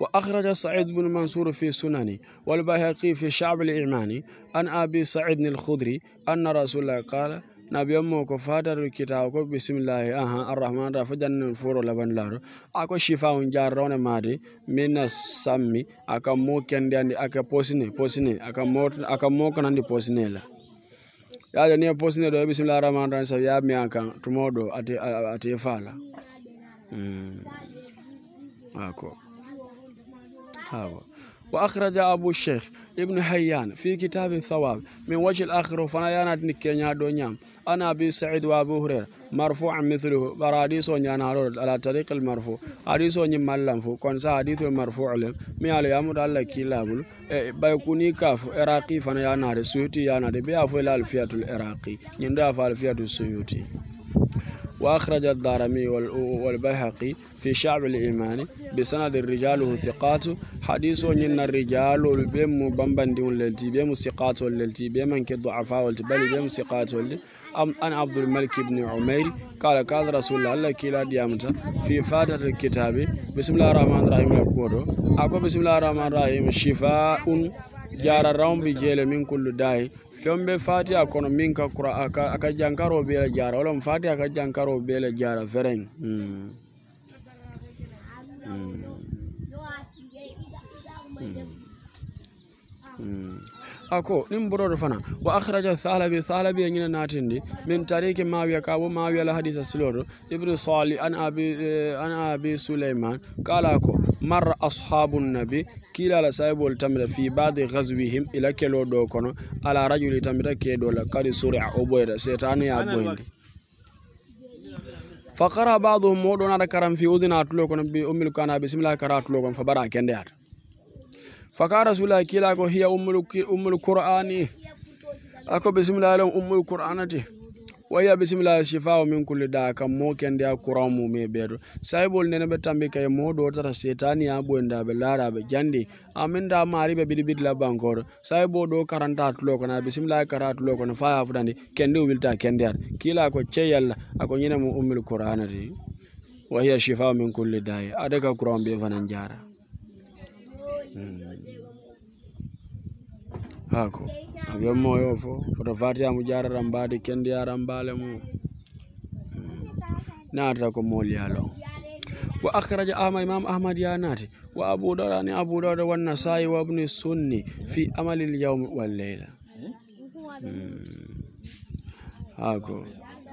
wa akhira sa'id muno masuur fi sunani walumaa hiakkii fi shabil imani an abiyu sa'id nilkhudri an narasuula qaala nabya ko fadaa rukutaa ko bisimilaayi arhamanirraa afaajanni fura labban laatu akka shifaa wujjaa raawuni maaddii miidnas saami akka mokaanani poosani poosani akka moota akka mokandani poosani. yaja ni posi ne do bismillahir rahmanir rahim sa ya mi tumodo ati ati fala mm ako hawa وأخرج أبو الشيخ ابن حيان في كتاب الثواب من وجه الآخر فنيانا نكينيا دونيام أنا أبي سعيد وأبو هريرة مرفوع مثله براديسو نيانا على طريق المرفوع حديثو نيمالام فو كونسا حديث مرفوع لهم مي على يامد الله كيلابل بيكوني كاف إراقي فنيانا سيوتي يانا دي بيافو الالفيات العراقي نيندا فالفيات السيوتي وأخرج الدارمي والبيهقي في شعب الإيمان بسند الرجال ثقات حديث إن الرجال بيم بمبن دون للتي بيم ثقات للتي بيم كضعفاء والتي بل بيم ثقات أن عبد الملك بن عمير قال قال رسول الله كلا ديامتا في فاتحة الكتاب بسم الله الرحمن الرحيم لكورو أكو بسم الله الرحمن الرحيم شفاء jararaw bi jele min kullu dai fɛn bɛ fatiha kɔnɔ min ka kura a ka jankarow bɛɛ la jara walama fatiha ka jankarow bɛɛ la jara fɛrɛn mm. mm. Hmm. ako nin borodo fana wa akhraja thalabi thalabi ngina natindi min tariki mawiya ka wo mawiya la hadisa silodo ibnu sali an abi eh, an abi sulaiman kala ko mar ashabun nabi kila la saibol tamira fi ba'di ghazwihim ila kelo do kono ala rajuli tamira do la kadi sura o boyda setani ya boyndi فقرأ بعضهم مودون على كرم في أذن أتلوكم بأم الكنابي بسم الله كرأ أتلوكم فبرأ كنديات faka rasula kila ko hiya ummul qur'ani ako bismillah lam ummul qur'anati wa hiya bismillah shifaa min kulli da kam mo kende ya qur'an mu me bedo saibol nene be tambi kay mo do tara setani ya bonda be lara be jandi amin da mari be bidi bidi la bankor saibo do karanta tulo kana bismillah karatu lo kana faya fudandi kende wilta kende kila ko cheyalla ako nyene mu ummul qur'anati wa hiya shifaa min kulli da'i adaka qur'an be fanan jara mm hako abyommoyo o fof oto fatiyamu jarata mbaadi kendiyara mbaale mum hmm. naatata ko molyalon wa akhraja ahma imam ahmad ya nati wa abu dauda ni abu dauda wa nasai wa ibn sunni fi amali al-yawm wal layla hmm. hako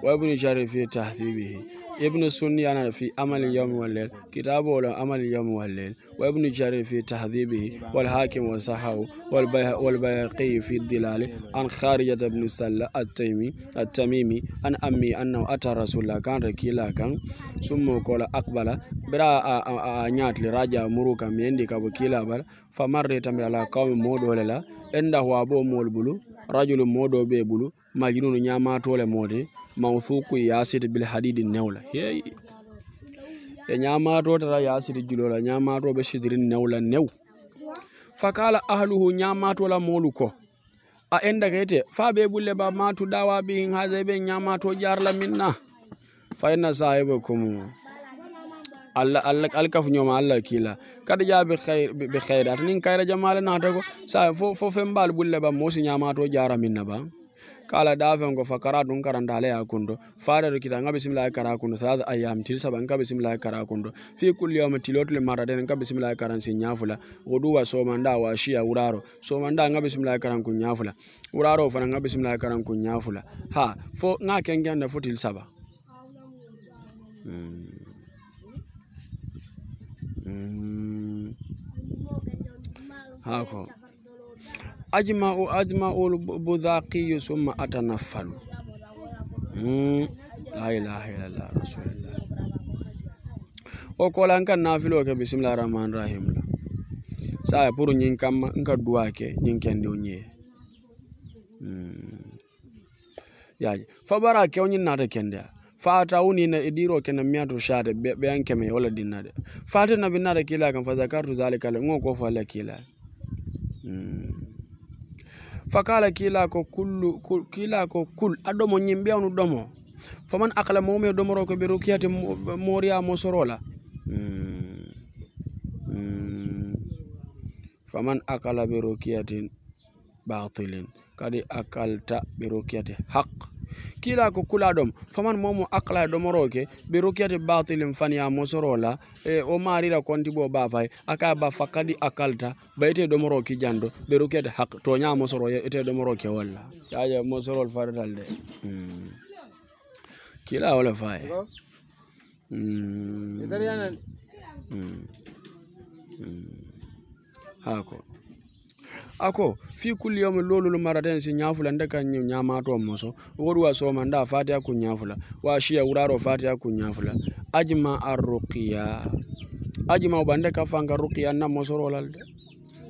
wa ibn sharif fi tahdhibihi ibn sunni yana fi amali yawmi wal layl kitabu wal amali yawmi wal layl wa ibn jarir fi tahdhibihi wal hakim wa sahahu wal wal bayhaqi fi dilal an kharijat ibn salla at-taymi at-tamimi an ammi annahu ata rasulullah kan rakila kan summa qala aqbala bira a nyatli raja muruka mendi kabo kila bal famarre tambe ala qawmi modo lela enda huwa bo mol bulu rajulun modo be bulu majnunu nyama tole mawsuku yasid bil hadidi newla heyi ɓe ñamato tata yasid julola ñamato ɓe sidirin newla new fa kala ahluhu ñamatola molu ko a enda kayte fa ɓe ɓulle ba matuɗa waɓi hin haade ɓe ñamato jarla minna fa inna sahibu kum allah allah alkaf ñoma allah kila kada ja ɓe xeyrata nin kayra jamale nata ko sa fo fembal ɓulle ba mosi ñamato jara minna ba kala dafen ngo fakara dun karanda ala ya kundo fara do kitanga bismillah kara kundo sada ayam til saban ngabe simla kara kundo fi kulli yawm tilot le marade ngabe bismillah kara sin nyafula wudu wa so manda wa shia uraro so manda ngabe bismillah kara kun nyafula uraro fana ngabe bismillah kara kun nyafula ha fo nga kengen fo fotil saba hmm. hmm. hako ajma'u ajma'u budhaqiyu summa atanaffalu mm. la ilaha illallah rasulullah. o kola nafilo ke bisimilahi rahmani rahim Sa saya pour ñin kam nka duwa ke ken kendiw ñee mm. Ya fa bara na de naata kendeya fata wuni na idiro kena adu shate be, be anke me wala dinade fata na binada kila kan fa zakartu zalika ngo ko fa la kila mm. fakala kilako kullu kilako kul adomo yimɓe onu ɗomo faman akla mome domoro ko ɓe rokiyate moriya mosorola hmm. Hmm. faman akala ɓe rokiyate batilin kadi akalta ɓe rokiyate haqe kiila ko kula ɗom faman momo akla e ɗomoroke ɓe rokiyate batilim fani ya mosorola e o marira konti ɓo bapay aka ba fakkadi akalta ba ete ɗomoroki jando ɓe rokiyate hak toña mosoro ete ɗomoroke walla aja mosorol faretal de hmm. kiila wole fay hako hmm. hmm. hmm. hmm. hmm. hmm. hmm. ako fi kulli yawmi lolulu maraten si ñafula nde ka ñamato moso wodu wa soma nda fatiya ku ñafula wa shiya wuraro fatiya ku ñafula ajma arruqiya ajma ubande ka fanga ruqiya na moso lal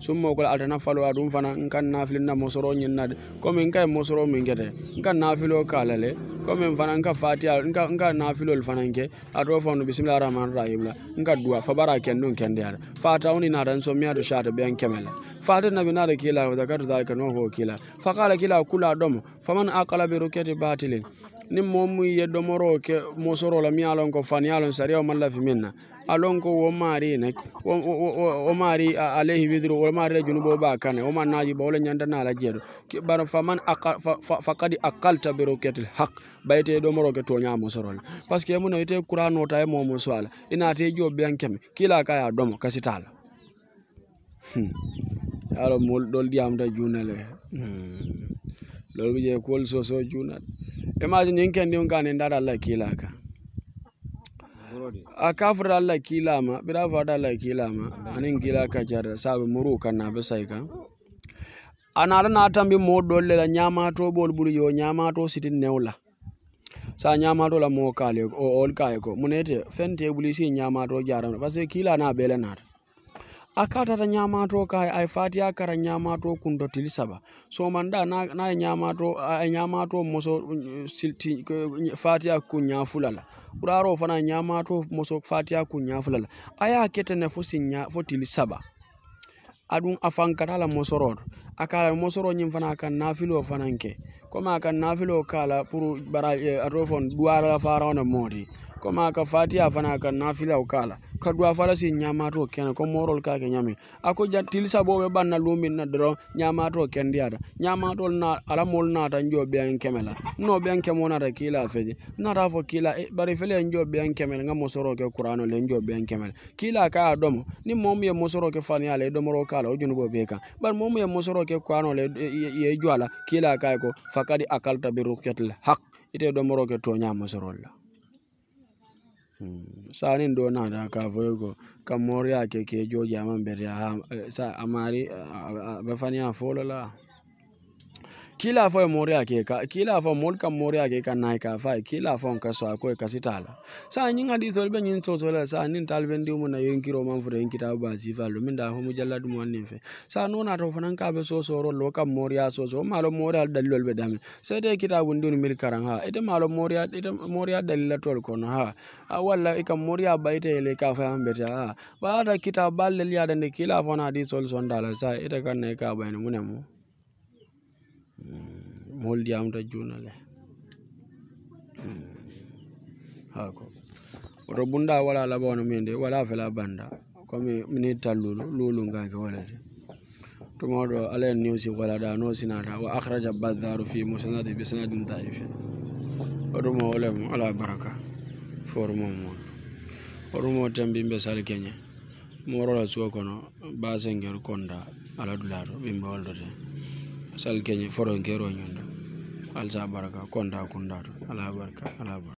summa kula atana falo adun fana nka nafilin na mosoro nyin na komi nka e mosoro min kete nka nafilo kala le komi fana nka fatiha nka nka nafilo fana nke ato fonu bismillahir rahmanir rahim la nka duwa fa bara kendun kende ara fata uni na dan somya do shata ben kemela fata nabi na da kila zakatu zalika no ho kila fa kala kila kula domo faman aqala bi rukati batilin ni momu ye domoro ke mosoro la miyalon ko faniyalon sariya malla fi minna alon ko wo maari ne wo maari alayhi widro wo maari la junubo ba kane wo man naaji bawla ñanda naala jeeɗo bar faman fa kadi a kalta be roketel haq bayte ɗomoro ke toñamo sorole par ce que mu nowite courant nota e momo soala inaate joɓɓeyankeme kila kaya domo kasitala hmm. alo mol ɗol ɗiyamta junale lol hmm. ɓe je kol soso junat imagine yinkendi on ka ne ndaɗa allah kila ka a akafra alla kilama bira fada alla kilama anin kila kajar sabe muru kana besaika anara na tambi le la nyama to bol bulu yo nyama to sitin newla sa nyama to la mo kale o ol kaye ko munete fente bulisi nyama to jaram parce que kila na bele nata akatata ñamato ka ay fatiya kara nyamato kundo tili saba manda na e ñamato e ñamato moso silti fatiya ku ñafulala uraro fana ñamato moso fatiya ku ñafulala aya kete fo si nya tili saba adun afankatala mosoro akala mosoro nyim fana kan nafilo fananke ke kan nafilo kala pour bara eh, atofon duwarala faraona modi koma ka fatiha fana ka nafila ukala ka dua fala si ñamato kene ko morol ka ke nyami ako jattil sabo be banna lumin na dro doro ñamato kendiyata ñamato na ala mol na ta njo eh, be an kemela no be en kemona ra kila feje na ra fo kila e bari fele njo be en kemela nga mosoro ke qur'an le njo be en kemela kila ka adomo ni mom ye mosoro ke fani ale do moro kala o junugo be ka bar mom ye mosoro ke qur'an le ye juala kila ka ko fakadi akalta bi ruqyatil haq ite do moro ke to ñama sorol Hmm. Saanin doo da kaafoyego kam mooriya keke jooji aman beriya ha eh, sa eh, a bafani a la. kila afɔ ye akeka kila afɔ mɔri ka mɔri akeka nai ka kila afɔ nka sɔ ako kasi sa nyi nga di tol be nyi sa ni tal ndi mo na yen kiro man fure kita ba si fa min da ho mu jalla dum sa no na to fanan ka be so so ro lo ka aso so ma lo mɔri al dalil be dame sai dai kita bun dun mil karan ha ite ma lo mɔri ite mɔri dalil tol ko no ha walla ikam mɔri ba ite le ka fa ambe ta ha ba da kita balle liya da ne kila afɔ na di tol son dala sa ite kan ne ka ba ni mu ne mu Mm. moldiyam da junale mm. hako oto bunda wala labono min de wala fela banda comme mini tallulu lulu ngake walade tumaɗo ala en newsi walaɗa no sinata wa akhraja baddaru fi musanadi bi sanadin daifin oɗumo olem ala baraka formom mon oɗumo tembimɓe sal keñe morola suwa kono basenger konda ala dulato ɓimɓe woldote sal keñe foro ke roñon alsa baraka konda kunda ala ala